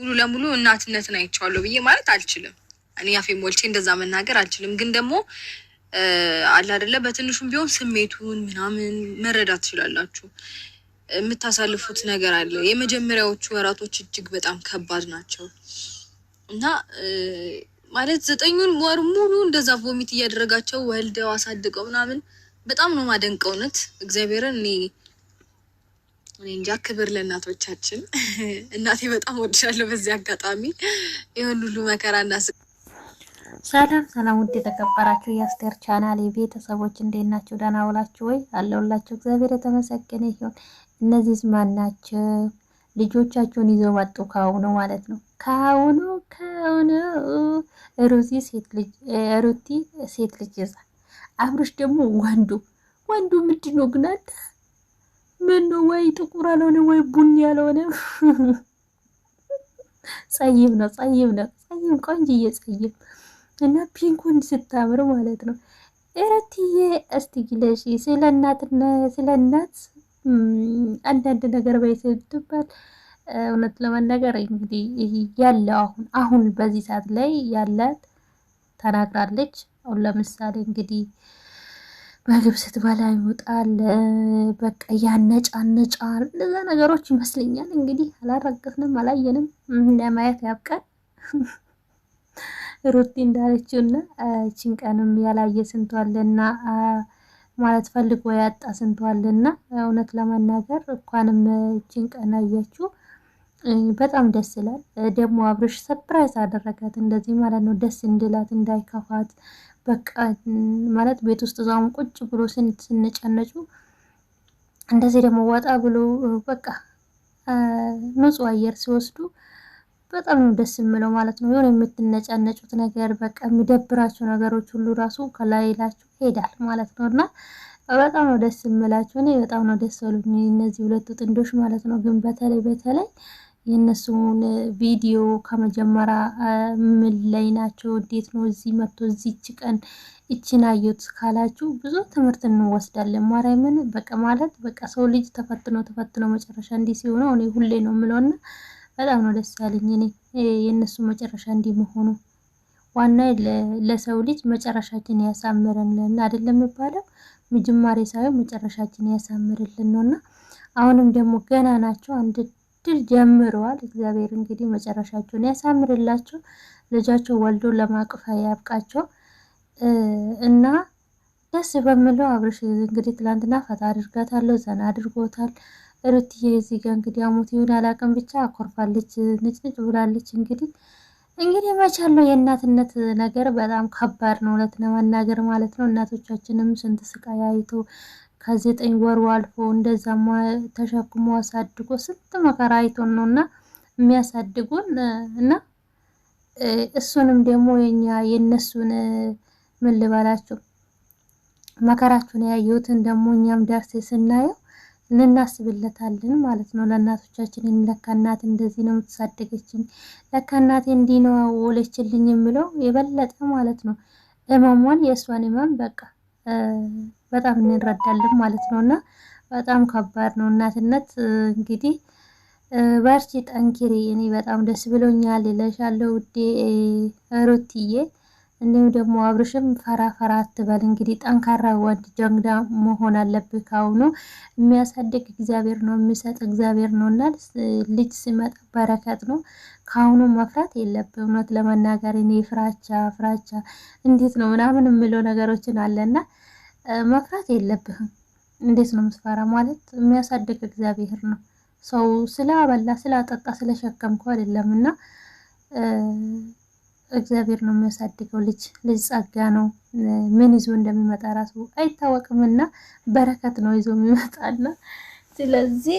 ሙሉ ለሙሉ እናትነትን አይቼዋለሁ ብዬ ማለት አልችልም። እኔ አፌ ሞልቼ እንደዛ መናገር አልችልም። ግን ደግሞ አለ አይደለ በትንሹም ቢሆን ስሜቱን ምናምን መረዳት ትችላላችሁ። የምታሳልፉት ነገር አለ። የመጀመሪያዎቹ ወራቶች እጅግ በጣም ከባድ ናቸው እና ማለት ዘጠኙን ወር ሙሉ እንደዛ ቮሚት እያደረጋቸው ወልደው አሳድገው ምናምን በጣም ነው ማደንቀውነት እግዚአብሔርን እኔ እንጃ ክብር ለእናቶቻችን። እናቴ በጣም ወድሻለሁ። በዚህ አጋጣሚ ይህን ሁሉ መከራ እና ሰላም ሰላም፣ ውድ የተከበራችሁ የአስቴር ቻናል የቤተሰቦች እንዴት ናችሁ? ደህና ውላችሁ ወይ? አለውላችሁ። እግዚአብሔር የተመሰገነ ይሁን። እነዚህ ማን ናቸው? ልጆቻቸውን ይዘው መጡ። ከአሁኑ ማለት ነው። ከአሁኑ ከአሁኑ ሩቲ ሴት ልጅ ሩቲ ሴት ልጅ ይዛ አብሮች ደግሞ ወንዱ ወንዱ ምንድን ነው ግን ምን ነው ወይ ጥቁር ያልሆነ ወይ ቡኒ ያልሆነ ጸይም ነው፣ ጸይም ነው፣ ጸይም ቆንጅዬ ጸይም እና ፒንኩን ስታምር ማለት ነው። እረትዬ እስቲ ግለሺ ስለ እናትና ስለ እናት አንዳንድ ነገር ባይሰጥባል። እውነት ለመነገር እንግዲህ ያለው አሁን አሁን በዚህ ሰዓት ላይ ያላት ተናግራለች። አሁን ለምሳሌ እንግዲህ ምግብ ስትበላ ይውጣል፣ በቃ ያነጫንጫል። እንደዛ ነገሮች ይመስለኛል። እንግዲህ አላረገፍንም፣ አላየንም፣ ለማየት ያብቃል። ሩቲ እንዳለችውና እችን ቀንም ያላየ ስንቷልና ማለት ፈልጎ ያጣ ስንቷልና፣ እውነት ለመናገር እንኳንም እችን ቀን አያችሁ። በጣም ደስ ይላል። ደግሞ አብርሽ ሰፕራይዝ አደረጋት እንደዚህ ማለት ነው፣ ደስ እንድላት እንዳይከፋት በቃ ማለት ቤት ውስጥ እዛውን ቁጭ ብሎ ስንጨነጩ እንደዚህ ደግሞ ወጣ ብሎ በቃ ንጹህ አየር ሲወስዱ በጣም ነው ደስ የምለው ማለት ነው። የሆነ የምትነጫነጩት ነገር በቃ የሚደብራቸው ነገሮች ሁሉ ራሱ ከላይላችሁ ይሄዳል ማለት ነው እና በጣም ነው ደስ የምላቸው። እኔ በጣም ነው ደስ ሉ እነዚህ ሁለቱ ጥንዶች ማለት ነው። ግን በተለይ በተለይ የእነሱን ቪዲዮ ከመጀመሪያ ምን ላይ ናቸው፣ እንዴት ነው እዚህ መጥቶ እዚች ቀን እችን አየሁት ካላችሁ ብዙ ትምህርት እንወስዳለን። ማርያምን በቃ ማለት በቃ ሰው ልጅ ተፈትኖ ተፈትኖ መጨረሻ እንዲህ ሲሆነው እኔ ሁሌ ነው የምለውና በጣም ነው ደስ ያለኝ እኔ የእነሱ መጨረሻ እንዲህ መሆኑ። ዋና ለሰው ልጅ መጨረሻችን ያሳምርልን አይደለም የሚባለው ምጅማሬ ሳይሆን መጨረሻችን ያሳምርልን ነው እና አሁንም ደግሞ ገና ናቸው አንድ ድል ጀምረዋል። እግዚአብሔር እንግዲህ መጨረሻቸውን ያሳምርላቸው፣ ልጃቸው ወልዶ ለማቅፋ ያብቃቸው እና ደስ በሚለው አብርሽ እንግዲህ ትላንትና ፈታ አድርጋታለሁ፣ ዘና አድርጎታል። ሩትዬ እዚህ ጋር እንግዲህ አሞት ይሁን አላቅም፣ ብቻ አኮርፋለች፣ ንጭንጭ ብላለች። እንግዲህ እንግዲህ መቻለው የእናትነት ነገር በጣም ከባድ ነው፣ እውነት ለመናገር ማለት ነው። እናቶቻችንም ስንት ስቃይ አይቶ ከዘጠኝ ወሩ አልፎ እንደዛ ተሸክሞ አሳድጎ ስንት መከራ አይቶን ነው እና የሚያሳድጉን እና እሱንም ደግሞ የኛ የእነሱን ምን ልበላችሁ ያየሁትን ደግሞ እኛም ደርሴ ስናየው እንናስብለታለን ማለት ነው። ለእናቶቻችን ለካ እናት እንደዚህ ነው የምትሳደገችኝ፣ ለካ እናቴ እንዲህ ነው ወለችልኝ የምለው የበለጠ ማለት ነው እመሟን የእሷን እመም በቃ በጣም እንረዳለን ማለት ነው። እና በጣም ከባድ ነው እናትነት እንግዲህ በርቺ፣ ጠንክሪ። እኔ በጣም ደስ ብሎኛል እልሻለሁ ውዴ ሩትዬ። እንዲሁም ደግሞ አብርሽም ፈራ ፈራ አትበል እንግዲህ ጠንካራ ወንድ ጀግና መሆን አለብህ። ካሁኑ የሚያሳድግ እግዚአብሔር ነው፣ የሚሰጥ እግዚአብሔር ነው እና ልጅ ሲመጣ በረከት ነው። ካሁኑ መፍራት የለብህ። እውነት ለመናገር እኔ ፍራቻ ፍራቻ እንዴት ነው ምናምን የምለው ነገሮችን አለና መፍራት የለብህም። እንዴት ነው ምስፈራ ማለት የሚያሳድግ እግዚአብሔር ነው። ሰው ስላበላ ስላጠጣ ስለሸከምከው አይደለም እና እግዚአብሔር ነው የሚያሳድገው። ልጅ ልጅ ጸጋ ነው። ምን ይዞ እንደሚመጣ ራሱ አይታወቅምና በረከት ነው ይዞ የሚመጣና ስለዚህ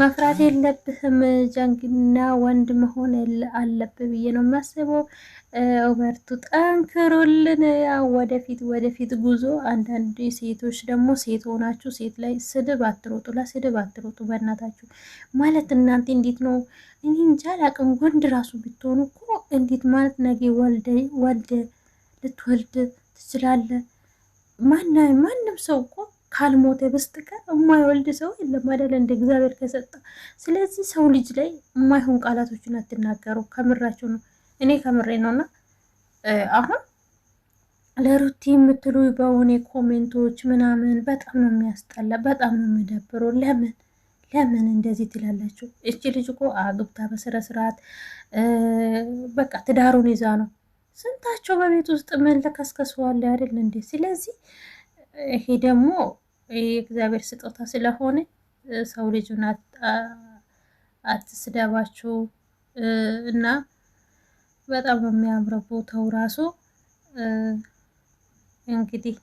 መፍራት የለብህም ጀንግና ወንድ መሆን አለብህ ብዬ ነው የማስበው። በርቱ፣ ጠንክሩልን። ያው ወደፊት ወደፊት ጉዞ። አንዳንድ ሴቶች ደግሞ ሴት ሆናችሁ ሴት ላይ ስድብ አትሮጡ፣ ለስድብ አትሮጡ በእናታችሁ። ማለት እናንተ እንዴት ነው እኔ እንጃ አላቅም። ወንድ ራሱ ብትሆኑ እኮ እንዴት ማለት ነገ ወልደ ወልደ ልትወልድ ትችላለ። ማንም ሰው እኮ ካልሞተ በስተቀር የማይወልድ ሰው የለም እንደ እግዚአብሔር ከሰጠ። ስለዚህ ሰው ልጅ ላይ የማይሆን ቃላቶችን አትናገሩ። ከምራቸው ነው፣ እኔ ከምሬ ነውና አሁን ለሩቲ የምትሉ በሆነ ኮሜንቶች ምናምን በጣም ነው የሚያስጠላ፣ በጣም ነው የሚደብረው። ለምን ለምን እንደዚህ ትላላችሁ? እቺ ልጅ እኮ አግብታ በስረ ስርዓት በቃ ትዳሩን ይዛ ነው። ስንታቸው በቤት ውስጥ መለከስከሰዋለ አይደል እንዴ? ስለዚህ ይሄ ደግሞ የእግዚአብሔር ስጦታ ስለሆነ ሰው ልጁን አትስደባችሁ እና በጣም ነው የሚያምረው ቦታው ራሱ እንግዲህ